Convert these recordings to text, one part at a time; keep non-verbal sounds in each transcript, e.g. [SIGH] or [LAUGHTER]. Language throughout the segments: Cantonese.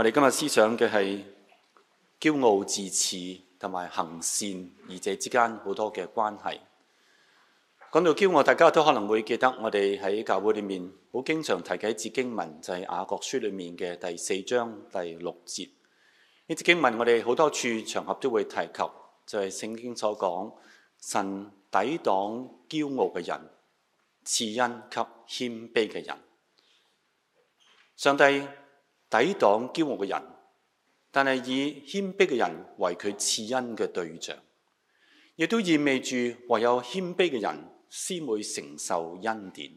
我哋今日思想嘅係驕傲、自恃同埋行善二者之間好多嘅關係。講到驕傲，大家都可能會記得我哋喺教會裏面好經常提及一節經文，就係、是《雅各書》裏面嘅第四章第六節。呢節經文我哋好多處場合都會提及，就係、是、聖經所講：神抵擋驕傲嘅人，賜恩給謙卑嘅人。上帝。抵擋驕傲嘅人，但係以謙卑嘅人為佢賜恩嘅對象，亦都意味住唯有謙卑嘅人先會承受恩典。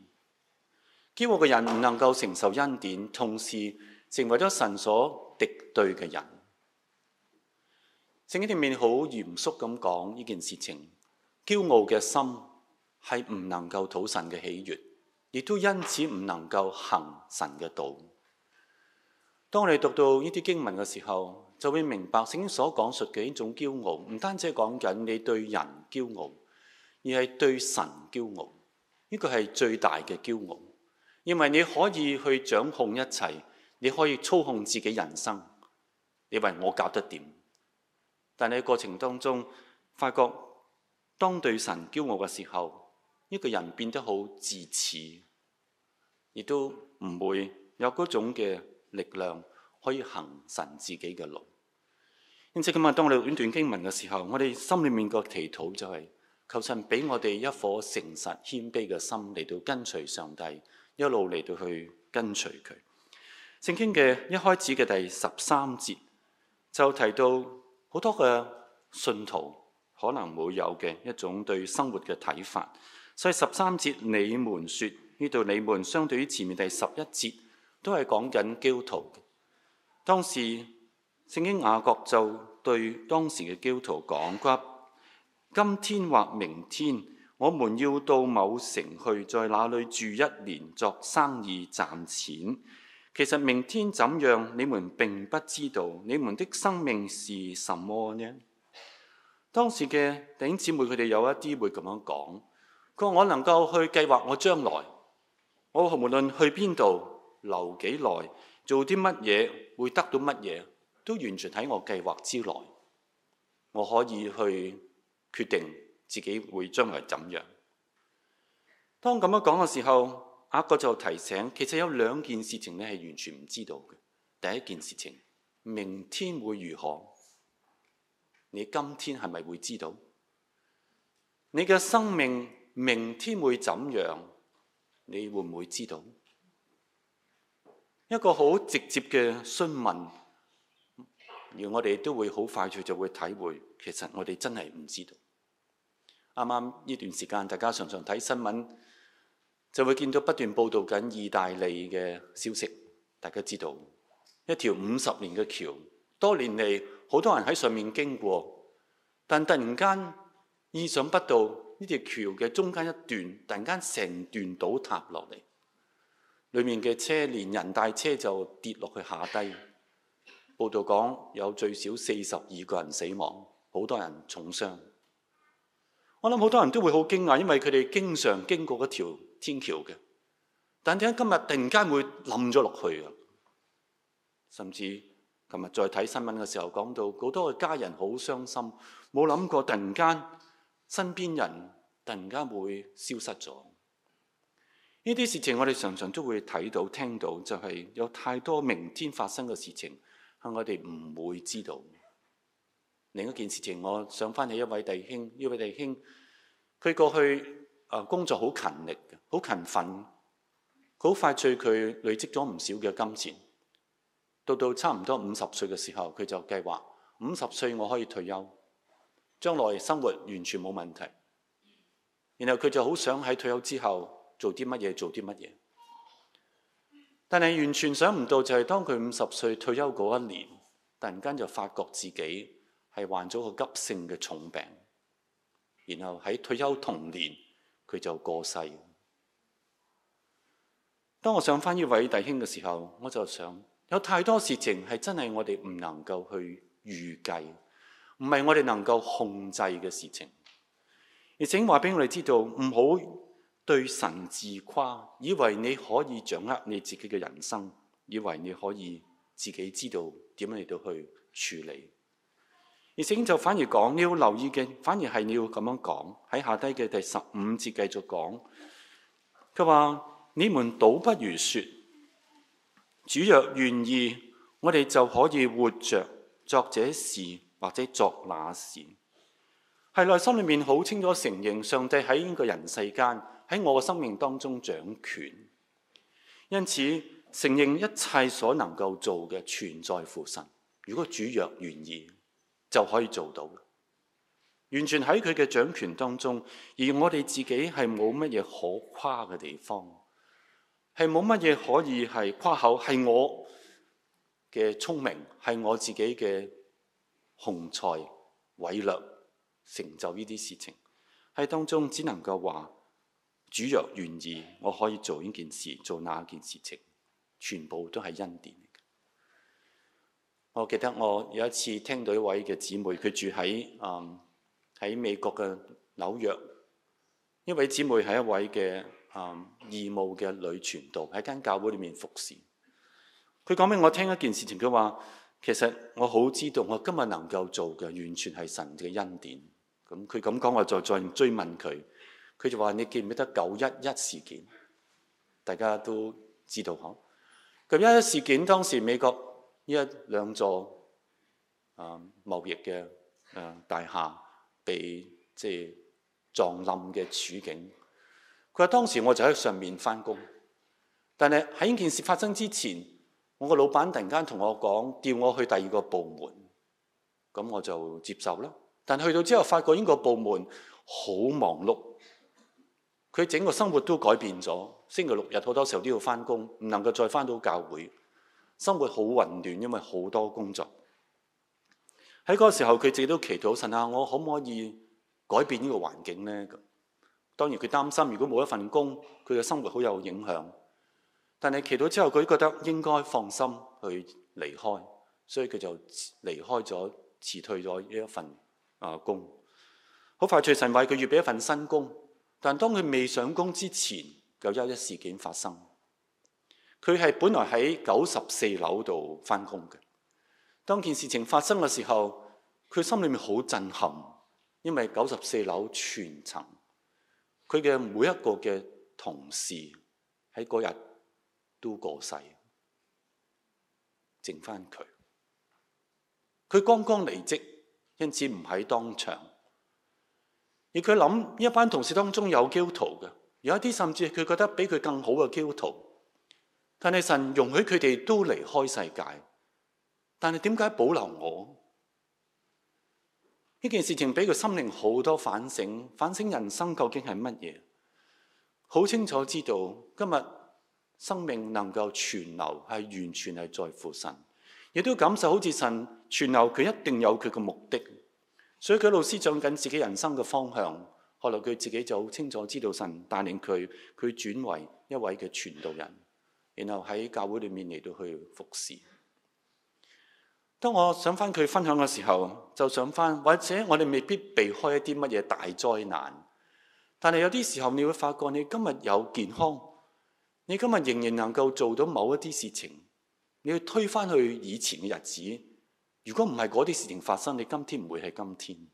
驕傲嘅人唔能夠承受恩典，同時成為咗神所敵對嘅人。聖經裡面好嚴肅咁講呢件事情，驕傲嘅心係唔能夠討神嘅喜悅，亦都因此唔能夠行神嘅道。當你讀到呢啲經文嘅時候，就會明白聖經所講述嘅一種驕傲，唔單止係講緊你對人驕傲，而係對神驕傲。呢個係最大嘅驕傲，因為你可以去掌控一切，你可以操控自己人生，你為我搞得掂。但係過程當中，發覺當對神驕傲嘅時候，一個人變得好自恃，亦都唔會有嗰種嘅力量可以行神自己嘅路。因此今日當我哋讀呢段經文嘅時候，我哋心裏面個祈禱就係：求神俾我哋一顆誠實謙卑嘅心，嚟到跟隨上帝，一路嚟到去跟隨佢。聖經嘅一開始嘅第十三節就提到好多嘅信徒可能會有嘅一種對生活嘅睇法。所以十三節你們說呢度你們相對於前面第十一節。都係講緊基督徒。當時聖經雅各就對當時嘅基督徒講：今天或明天，我們要到某城去，在那裡住一年，作生意賺錢。其實明天怎樣，你們並不知道。你們的生命是什麼呢？當時嘅弟兄姊妹，佢哋有一啲會咁樣講：佢話我能夠去計劃我將來，我無論去邊度。留幾耐，做啲乜嘢會得到乜嘢，都完全喺我計劃之內。我可以去決定自己會將來怎樣。當咁樣講嘅時候，阿哥就提醒，其實有兩件事情你係完全唔知道嘅。第一件事情，明天會如何？你今天係咪會知道？你嘅生命明天會怎樣？你會唔會知道？一個好直接嘅詢問，而我哋都會好快脆就會體會，其實我哋真係唔知道。啱啱呢段時間，大家常常睇新聞，就會見到不斷報導緊意大利嘅消息。大家知道一條五十年嘅橋，多年嚟好多人喺上面經過，但突然間意想不到呢條橋嘅中間一段，突然間成段倒塌落嚟。裏面嘅車連人帶車就跌落去下低，報道講有最少四十二個人死亡，好多人重傷。我諗好多人都會好驚訝，因為佢哋經常經過嗰條天橋嘅，但點解今日突然間會冧咗落去啊？甚至琴日再睇新聞嘅時候講到好多嘅家人好傷心，冇諗過突然間身邊人突然間會消失咗。呢啲事情我哋常常都會睇到、聽到，就係有太多明天發生嘅事情，係我哋唔會知道。另一件事情，我想翻起一位弟兄，呢位弟兄，佢過去啊工作好勤力，好勤奮，好快脆，佢累積咗唔少嘅金錢。到到差唔多五十歲嘅時候，佢就計劃五十歲我可以退休，將來生活完全冇問題。然後佢就好想喺退休之後。做啲乜嘢？做啲乜嘢？但係完全想唔到就是，就係當佢五十歲退休嗰一年，突然間就發覺自己係患咗個急性嘅重病，然後喺退休同年佢就過世。當我想翻呢位弟兄嘅時候，我就想有太多事情係真係我哋唔能夠去預計，唔係我哋能夠控制嘅事情。而請話俾我哋知道，唔好。對神自誇，以為你可以掌握你自己嘅人生，以為你可以自己知道點嚟到去處理。而聖經就反而講，你要留意嘅，反而係你要咁樣講喺下低嘅第十五節繼續講。佢話你們倒不如說，主若願意，我哋就可以活着，作這事或者作那事，係內心裏面好清楚承認上帝喺呢個人世間。喺我嘅生命當中掌權，因此承認一切所能夠做嘅存在乎神。如果主若願意，就可以做到，完全喺佢嘅掌權當中。而我哋自己係冇乜嘢可誇嘅地方，係冇乜嘢可以係誇口係我嘅聰明，係我自己嘅雄才偉略成就呢啲事情，喺當中只能夠話。主若願意，我可以做呢件事，做那件事情，全部都係恩典嚟嘅。我記得我有一次聽到一位嘅姊妹，佢住喺啊喺美國嘅紐約。位姐妹，一位姊妹係一位嘅啊義務嘅女傳道，喺間教會裏面服侍。佢講俾我聽一件事情，情佢話：其實我好知道，我今日能夠做嘅完全係神嘅恩典。咁佢咁講，我就再追問佢。佢就話：你記唔記得九一一事件？大家都知道嗬。咁九一一事件當時美國一兩座啊貿易嘅啊、呃、大廈被即係撞冧嘅處境。佢話當時我就喺上面返工，但係喺呢件事發生之前，我個老闆突然間同我講叫我去第二個部門，咁我就接受啦。但去到之後發覺呢個部門好忙碌。佢整個生活都改變咗，星期六日好多時候都要返工，唔能夠再返到教會，生活好混亂，因為好多工作。喺嗰個時候，佢自己都祈禱好神啊，我可唔可以改變這個環境呢個環境呢？當然佢擔心，如果冇一份工，佢嘅生活好有影響。但係祈禱之後，佢覺得應該放心去離開，所以佢就離開咗，辭退咗呢一份啊工。好快脆，神為佢預備一份新工。但當佢未上工之前，九一一事件發生。佢係本來喺九十四樓度翻工嘅。當件事情發生嘅時候，佢心裏面好震撼，因為九十四樓全層，佢嘅每一個嘅同事喺嗰日都過世，剩翻佢。佢剛剛離職，因此唔喺當場。而佢諗，一班同事當中有基督徒嘅，有一啲甚至佢覺得比佢更好嘅基督徒。但係神容許佢哋都離開世界，但係點解保留我？呢件事情俾佢心靈好多反省，反省人生究竟係乜嘢？好清楚知道今日生命能夠存留係完全係在乎神，亦都感受好似神存留佢一定有佢嘅目的。所以佢老師掌緊自己人生嘅方向，後來佢自己就好清楚知道神帶領佢，佢轉為一位嘅傳道人，然後喺教會裏面嚟到去服侍。當我想翻佢分享嘅時候，就想返，或者我哋未必避開一啲乜嘢大災難，但係有啲時候你會發覺你今日有健康，你今日仍然能夠做到某一啲事情，你要推返去以前嘅日子。如果唔係嗰啲事情發生，你今天唔會係今天。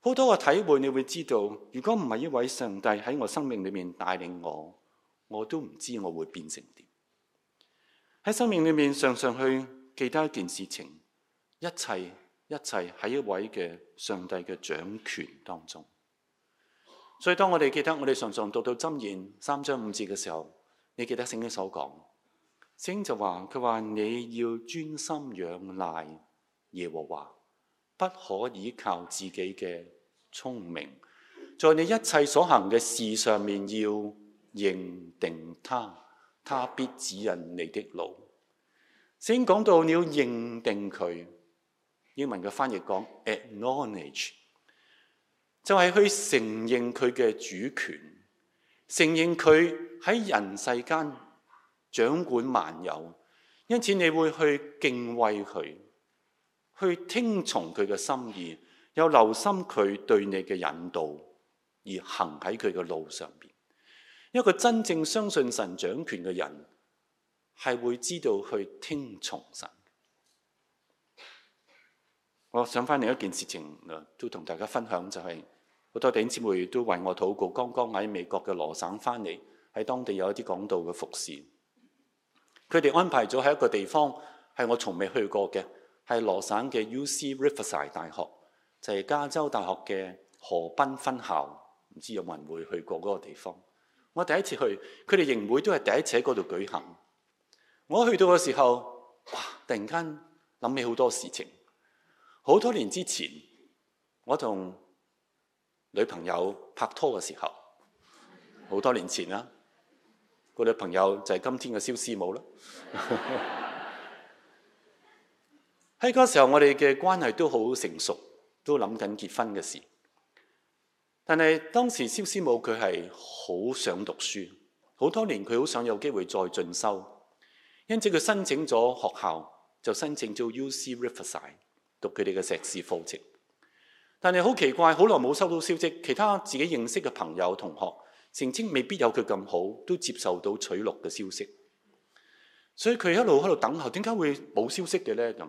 好多個體會，你會知道，如果唔係一位上帝喺我生命裏面帶領我，我都唔知我會變成點。喺生命裏面，常常去記得一件事情，一切一切喺一位嘅上帝嘅掌權當中。所以當我哋記得，我哋常常讀到箴言三章五節嘅時候，你記得聖經所講。先就話，佢話你要專心仰賴耶和華，不可以靠自己嘅聰明，在你一切所行嘅事上面要認定他，他必指引你的路。先講到你要認定佢，英文嘅翻譯講 acknowledge，就係去承認佢嘅主權，承認佢喺人世間掌管萬有，因此你會去敬畏佢，去聽從佢嘅心意，又留心佢對你嘅引導，而行喺佢嘅路上邊。一個真正相信神掌權嘅人，係會知道去聽從神。我想翻另一件事情，都同大家分享，就係、是、好多弟兄姊妹都為我禱告。剛剛喺美國嘅羅省翻嚟，喺當地有一啲講道嘅服侍。佢哋安排咗喺一個地方，係我從未去過嘅，係羅省嘅 UC Riverside 大學，就係加州大學嘅河濱分校。唔知有冇人會去過嗰個地方？我第一次去，佢哋營會都係第一次喺嗰度舉行。我去到嘅時候，哇！突然間諗起好多事情。好多年之前，我同女朋友拍拖嘅時候，好多年前啦。嗰女朋友就係今天嘅蕭師母啦。喺嗰時候，我哋嘅關係都好成熟，都諗緊結婚嘅事。但係當時蕭師母佢係好想讀書，好多年佢好想有機會再進修，因此佢申請咗學校，就申請咗 UC Riverside 讀佢哋嘅碩士課程。但係好奇怪，好耐冇收到消息，其他自己認識嘅朋友同學，成績未必有佢咁好，都接受到取錄嘅消息，所以佢一路喺度等候，點解會冇消息嘅咧？咁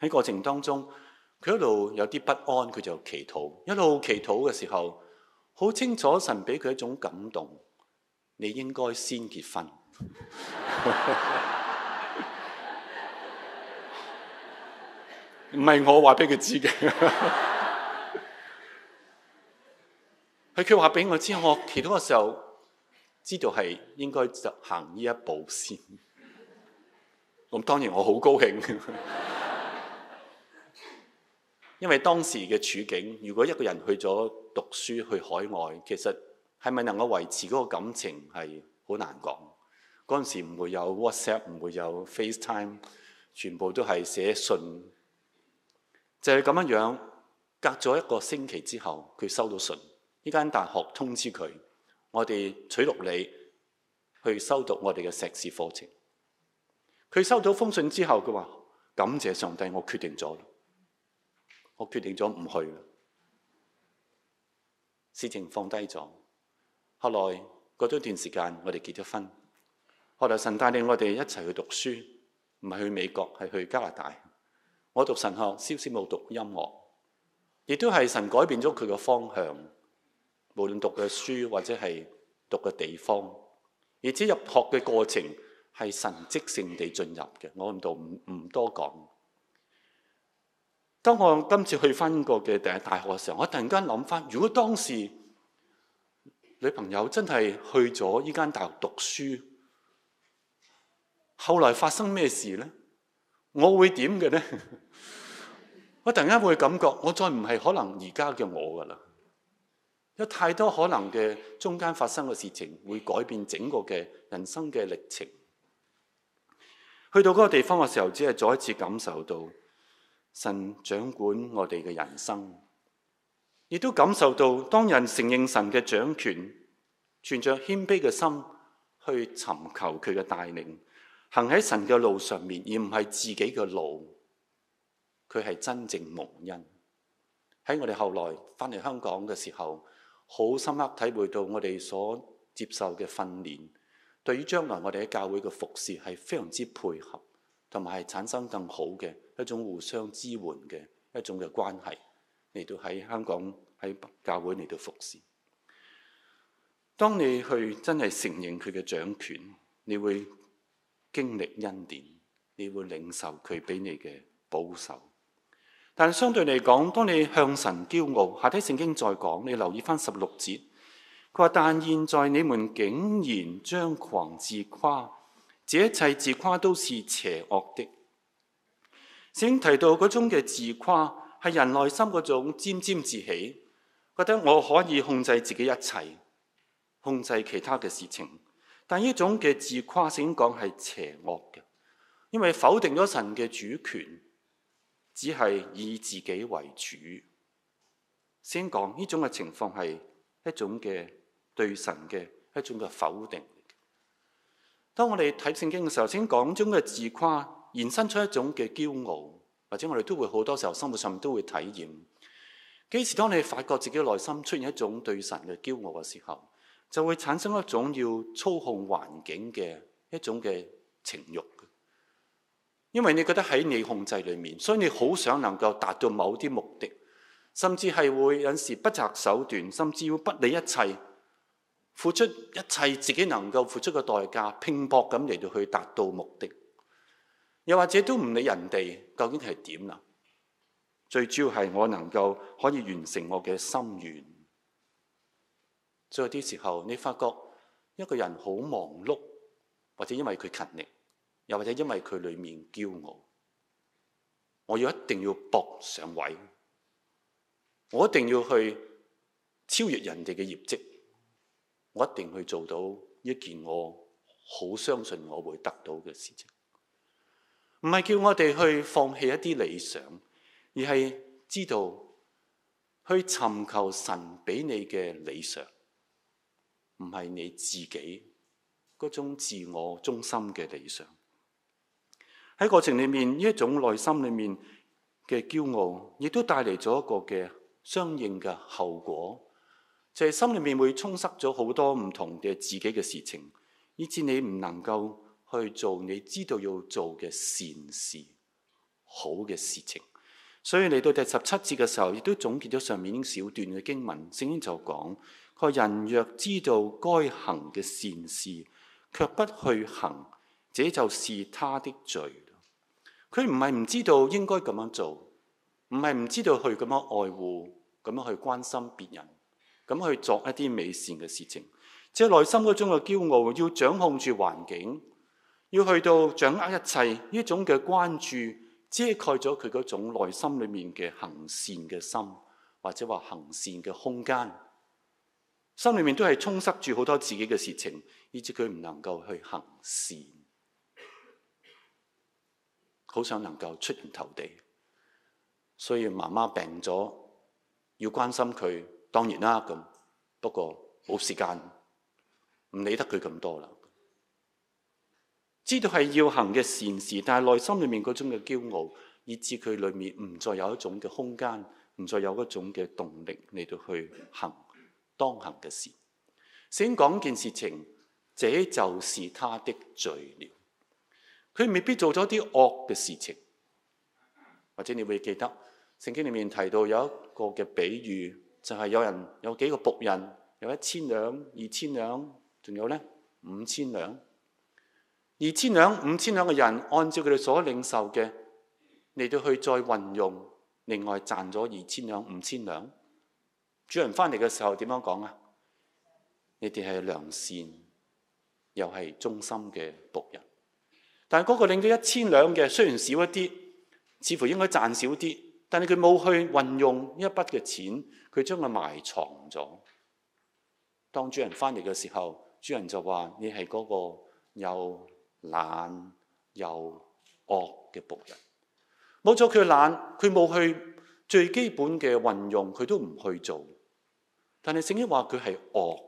喺過程當中，佢一路有啲不安，佢就祈禱，一路祈禱嘅時候，好清楚神俾佢一種感動，你應該先結婚，唔 [LAUGHS] 係 [LAUGHS] 我話俾佢知嘅。 [LAUGHS] 佢佢話俾我知，我祈禱嘅時候知道係應該就行呢一步先。咁當然我好高興，因為當時嘅處境，如果一個人去咗讀書去海外，其實係咪能夠維持嗰個感情係好難講。嗰陣時唔會有 WhatsApp，唔會有 FaceTime，全部都係寫信。就係咁樣樣，隔咗一個星期之後，佢收到信。呢間大學通知佢，我哋取錄你去修讀我哋嘅碩士課程。佢收到封信之後，佢話感謝上帝，我決定咗啦，我決定咗唔去啦。事情放低咗。後來過咗段時間，我哋結咗婚。後來神帶領我哋一齊去讀書，唔係去美國，係去加拿大。我讀神學，蕭師母讀音樂，亦都係神改變咗佢嘅方向。無論讀嘅書或者係讀嘅地方，而且入學嘅過程係神蹟性地進入嘅，我唔度唔唔多講。當我今次去翻英國嘅第一大學嘅時候，我突然間諗翻，如果當時女朋友真係去咗依間大學讀書，後來發生咩事咧？我會點嘅咧？ [LAUGHS] 我突然間會感覺，我再唔係可能而家嘅我㗎啦。有太多可能嘅中間發生嘅事情，會改變整個嘅人生嘅歷程。去到嗰個地方嘅時候，只係再一次感受到神掌管我哋嘅人生，亦都感受到當人承認神嘅掌權，存着謙卑嘅心去尋求佢嘅帶領，行喺神嘅路上面，而唔係自己嘅路。佢係真正蒙恩。喺我哋後來翻嚟香港嘅時候，好深刻體會到我哋所接受嘅訓練，對於將來我哋喺教會嘅服侍係非常之配合，同埋係產生更好嘅一種互相支援嘅一種嘅關係，嚟到喺香港喺教會嚟到服侍。當你去真係承認佢嘅掌權，你會經歷恩典，你會領受佢俾你嘅保守。但相對嚟講，當你向神驕傲，下底聖經再講，你留意翻十六節，佢話但現在你們竟然張狂自誇，這一切自誇都是邪惡的。聖經提到嗰種嘅自誇，係人內心嗰種沾沾自喜，覺得我可以控制自己一切，控制其他嘅事情。但呢種嘅自誇，聖經講係邪惡嘅，因為否定咗神嘅主權。只係以自己為主，先講呢種嘅情況係一種嘅對神嘅一種嘅否定。當我哋睇聖經嘅時候，先講種嘅自誇，延伸出一種嘅驕傲，或者我哋都會好多時候生活上面都會體驗。幾時當你發覺自己內心出現一種對神嘅驕傲嘅時候，就會產生一種要操控環境嘅一種嘅情慾。因為你覺得喺你控制裏面，所以你好想能夠達到某啲目的，甚至係會有時不擇手段，甚至要不理一切，付出一切自己能夠付出嘅代價，拼搏咁嚟到去達到目的。又或者都唔理人哋究竟係點啦，最主要係我能夠可以完成我嘅心願。仲有啲時候，你發覺一個人好忙碌，或者因為佢勤力。又或者因為佢裏面驕傲，我要一定要搏上位，我一定要去超越人哋嘅業績，我一定去做到一件我好相信我會得到嘅事情。唔係叫我哋去放棄一啲理想，而係知道去尋求神俾你嘅理想，唔係你自己嗰種自我中心嘅理想。喺過程裏面，呢一種內心裏面嘅驕傲，亦都帶嚟咗一個嘅相應嘅後果，就係、是、心裏面會充塞咗好多唔同嘅自己嘅事情，以致你唔能夠去做你知道要做嘅善事、好嘅事情。所以嚟到第十七節嘅時候，亦都總結咗上面呢小段嘅經文，聖經就講：佢話人若知道該行嘅善事，卻不去行，這就是他的罪。佢唔係唔知道應該咁樣做，唔係唔知道去咁樣愛護、咁樣去關心別人、咁去做一啲美善嘅事情。即係內心嗰種嘅驕傲，要掌控住環境，要去到掌握一切呢種嘅關注，遮蓋咗佢嗰種內心裏面嘅行善嘅心，或者話行善嘅空間。心裏面都係充塞住好多自己嘅事情，以致佢唔能夠去行善。好想能夠出人頭地，所以媽媽病咗要關心佢，當然啦咁。不過冇時間，唔理得佢咁多啦。知道係要行嘅善事，但係內心裡面嗰種嘅驕傲，以至佢裡面唔再有一種嘅空間，唔再有一種嘅動力嚟到去行當行嘅事。先講件事情，這就是他的罪了。佢未必做咗啲惡嘅事情，或者你會記得聖經裏面提到有一個嘅比喻，就係、是、有人有幾個僕人，有一千兩、二千兩，仲有咧五千兩。二千兩、五千兩嘅人，按照佢哋所領受嘅嚟到去再運用，另外賺咗二千兩、五千兩。主人翻嚟嘅時候點樣講啊？你哋係良善又係忠心嘅僕人。但係嗰個領咗一千兩嘅，雖然少一啲，似乎應該賺少啲，但係佢冇去運用一筆嘅錢，佢將佢埋藏咗。當主人翻嚟嘅時候，主人就話：你係嗰個又懶又惡嘅僕人。冇咗佢懶，佢冇去最基本嘅運用，佢都唔去做。但係聖經話佢係惡，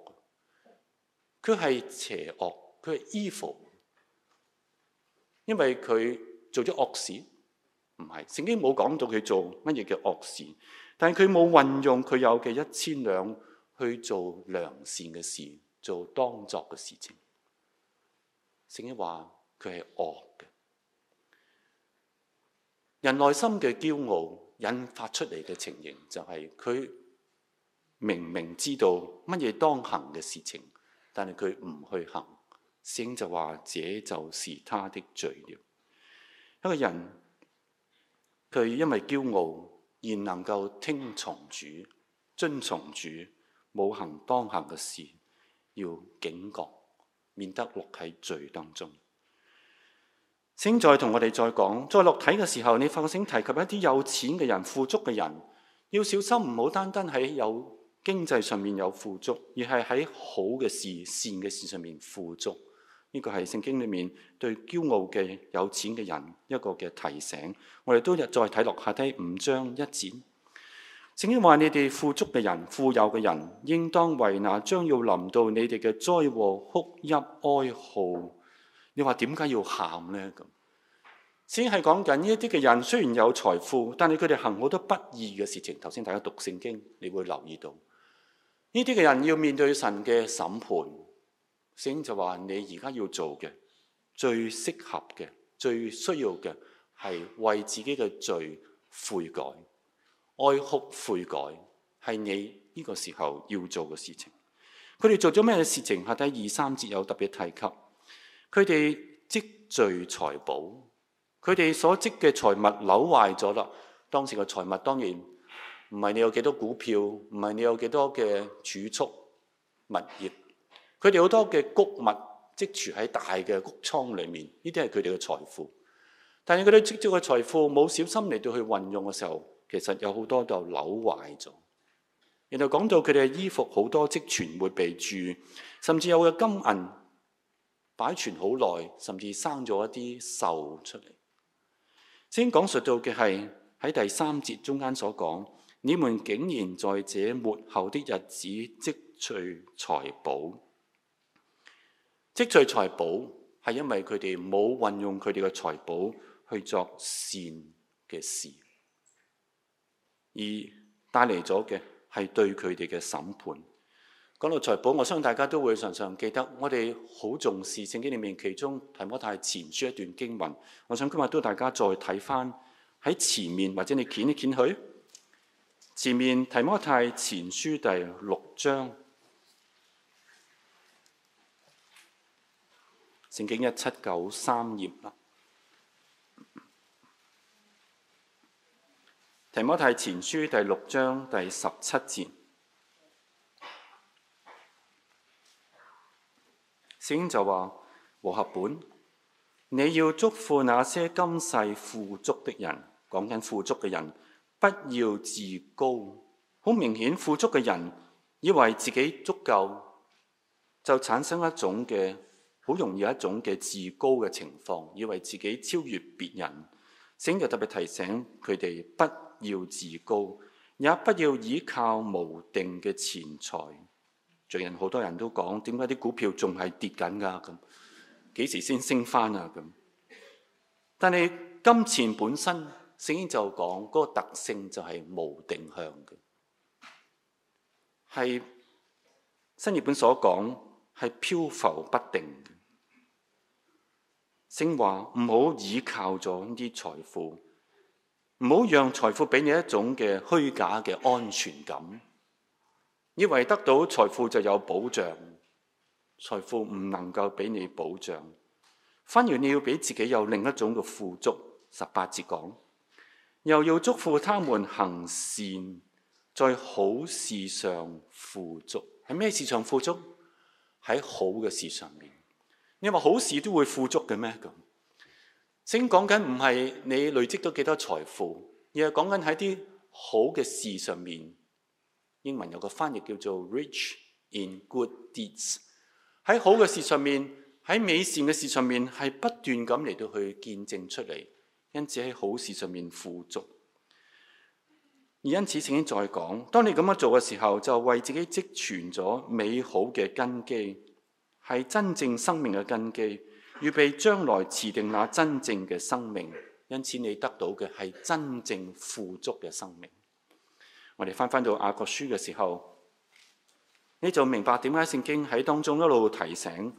佢係邪惡，佢係 evil。因為佢做咗惡事，唔係，聖經冇講到佢做乜嘢叫惡事，但係佢冇運用佢有嘅一千兩去做良善嘅事，做當作嘅事情。聖經話佢係惡嘅，人內心嘅驕傲引發出嚟嘅情形就係佢明明知道乜嘢當行嘅事情，但係佢唔去行。聖就話：這就是他的罪了。一個人佢因為驕傲而能夠聽從主、遵從主，冇行當行嘅事，要警覺，免得落喺罪當中。聖再同我哋再講，在落體嘅時候，你放聲提及一啲有錢嘅人、富足嘅人，要小心唔好單單喺有經濟上面有富足，而係喺好嘅事、善嘅事上面富足。呢、這個係聖經裏面對驕傲嘅有錢嘅人一個嘅提醒。我哋都一再睇落下低五章一節。聖經話：你哋富足嘅人、富有嘅人，應當為那將要臨到你哋嘅災禍哭泣哀號。你話點解要喊呢？咁先係講緊呢一啲嘅人，雖然有財富，但係佢哋行好多不義嘅事情。頭先大家讀聖經，你會留意到呢啲嘅人要面對神嘅審判。聖就話：你而家要做嘅最適合嘅、最需要嘅，係為自己嘅罪悔改、哀哭悔改，係你呢個時候要做嘅事情。佢哋做咗咩事情？下底二三節有特別提及。佢哋積聚財寶，佢哋所積嘅財物扭壞咗啦。當時嘅財物當然唔係你有幾多股票，唔係你有幾多嘅儲蓄、物業。佢哋好多嘅穀物積儲喺大嘅穀倉裏面，呢啲係佢哋嘅財富。但係佢哋積聚嘅財富冇小心嚟到去運用嘅時候，其實有好多就扭壞咗。然後講到佢哋嘅衣服好多積存會被蛀，甚至有嘅金銀擺存好耐，甚至生咗一啲鏽出嚟。先講述到嘅係喺第三節中間所講，你們竟然在這末後的日子積聚財寶。積聚財寶係因為佢哋冇運用佢哋嘅財寶去作善嘅事，而帶嚟咗嘅係對佢哋嘅審判。講到財寶，我相信大家都會常常記得，我哋好重視聖經裏面其中提摩太前書一段經文。我想今日都大家再睇翻喺前面，或者你捲一捲揭一揭佢前面提摩太前書第六章。正經一七九三頁了，提摩太前書第六章第十七節，聖經就話和合本，你要祝福那些今世富足的人，講緊富足嘅人不要自高。好明顯，富足嘅人以為自己足夠，就產生一種嘅。好容易有一種嘅自高嘅情況，以為自己超越別人。聖經就特別提醒佢哋不要自高，也不要倚靠無定嘅錢財。最近好多人都講，點解啲股票仲係跌緊㗎？咁幾時先升翻啊？咁、啊，但係金錢本身，聖經就講嗰、那個特性就係無定向嘅，係新譯本所講，係漂浮不定。正話唔好倚靠咗啲財富，唔好讓財富俾你一種嘅虛假嘅安全感，以為得到財富就有保障。財富唔能夠俾你保障，反而你要俾自己有另一種嘅富足。十八節講，又要祝福他們行善，在好事上富足。係咩事上富足？喺好嘅事上面。你話好事都會富足嘅咩？咁聖經講緊唔係你累積到幾多財富，而係講緊喺啲好嘅事上面。英文有個翻譯叫做 rich in good deeds，喺好嘅事上面，喺美善嘅事上面，係不斷咁嚟到去見證出嚟，因此喺好事上面富足。而因此，聖經再講，當你咁樣做嘅時候，就為自己積存咗美好嘅根基。係真正生命嘅根基，預備將來持定那真正嘅生命，因此你得到嘅係真正富足嘅生命。我哋翻翻到阿國書嘅時候，你就明白點解聖經喺當中一路提醒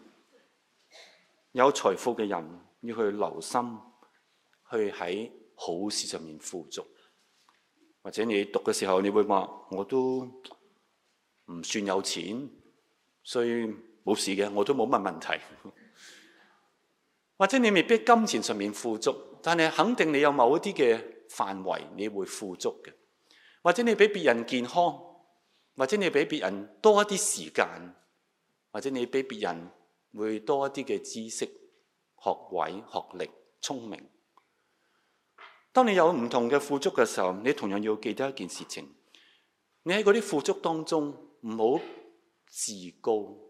有財富嘅人要去留心去喺好事上面富足，或者你讀嘅時候你會話我都唔算有錢，所以。冇事嘅，我都冇乜問題。或者你未必金錢上面富足，但係肯定你有某一啲嘅範圍你會富足嘅。或者你比別人健康，或者你比別人多一啲時間，或者你比別人會多一啲嘅知識、學位、學歷、聰明。當你有唔同嘅富足嘅時候，你同樣要記得一件事情：你喺嗰啲富足當中唔好自高。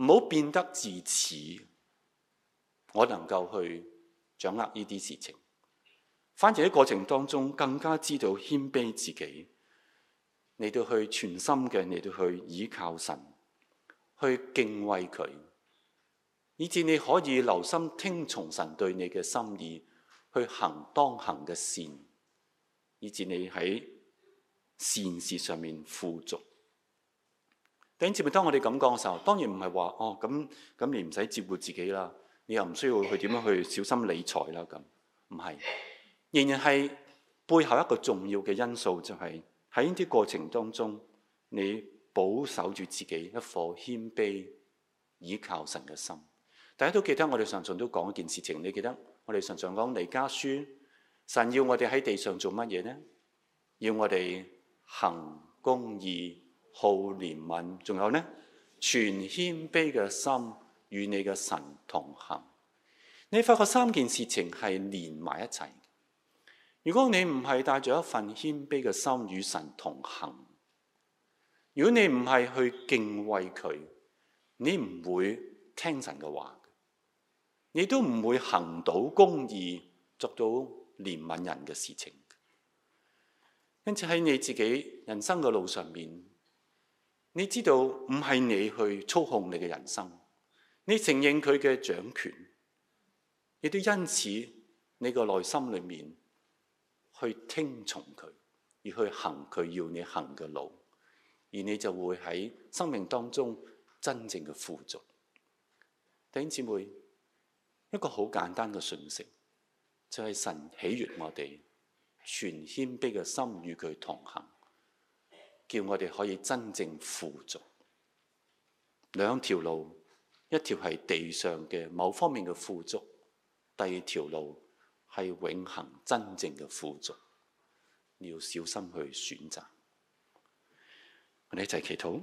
唔好變得自恃，我能夠去掌握呢啲事情。反而喺過程當中更加知道謙卑自己，你都去全心嘅你都去倚靠神，去敬畏佢，以致你可以留心聽從神對你嘅心意，去行當行嘅善，以致你喺善事上面富足。咁意味，當我哋咁講嘅時候，當然唔係話哦咁咁，你唔使照顧自己啦，你又唔需要去點樣去小心理財啦咁，唔係，仍然係背後一個重要嘅因素就係喺呢啲過程當中，你保守住自己一顆謙卑依靠神嘅心。大家都記得我哋上場都講一件事情，你記得我哋上場講彌迦書，神要我哋喺地上做乜嘢呢？要我哋行公義。好憐憫，仲有呢，全謙卑嘅心與你嘅神同行。你發覺三件事情係連埋一齊。如果你唔係帶住一份謙卑嘅心與神同行，如果你唔係去敬畏佢，你唔會聽神嘅話，你都唔會行到公義，做到憐憫人嘅事情。因此喺你自己人生嘅路上面。你知道唔係你去操控你嘅人生，你承認佢嘅掌權，亦都因此你嘅內心裏面去聽從佢，而去行佢要你行嘅路，而你就會喺生命當中真正嘅富足。弟兄姊妹，一個好簡單嘅信息，就係、是、神喜悅我哋，全謙卑嘅心與佢同行。叫我哋可以真正富足。兩條路，一條係地上嘅某方面嘅富足，第二條路係永恆真正嘅富足。你要小心去選擇。我哋一齊祈禱。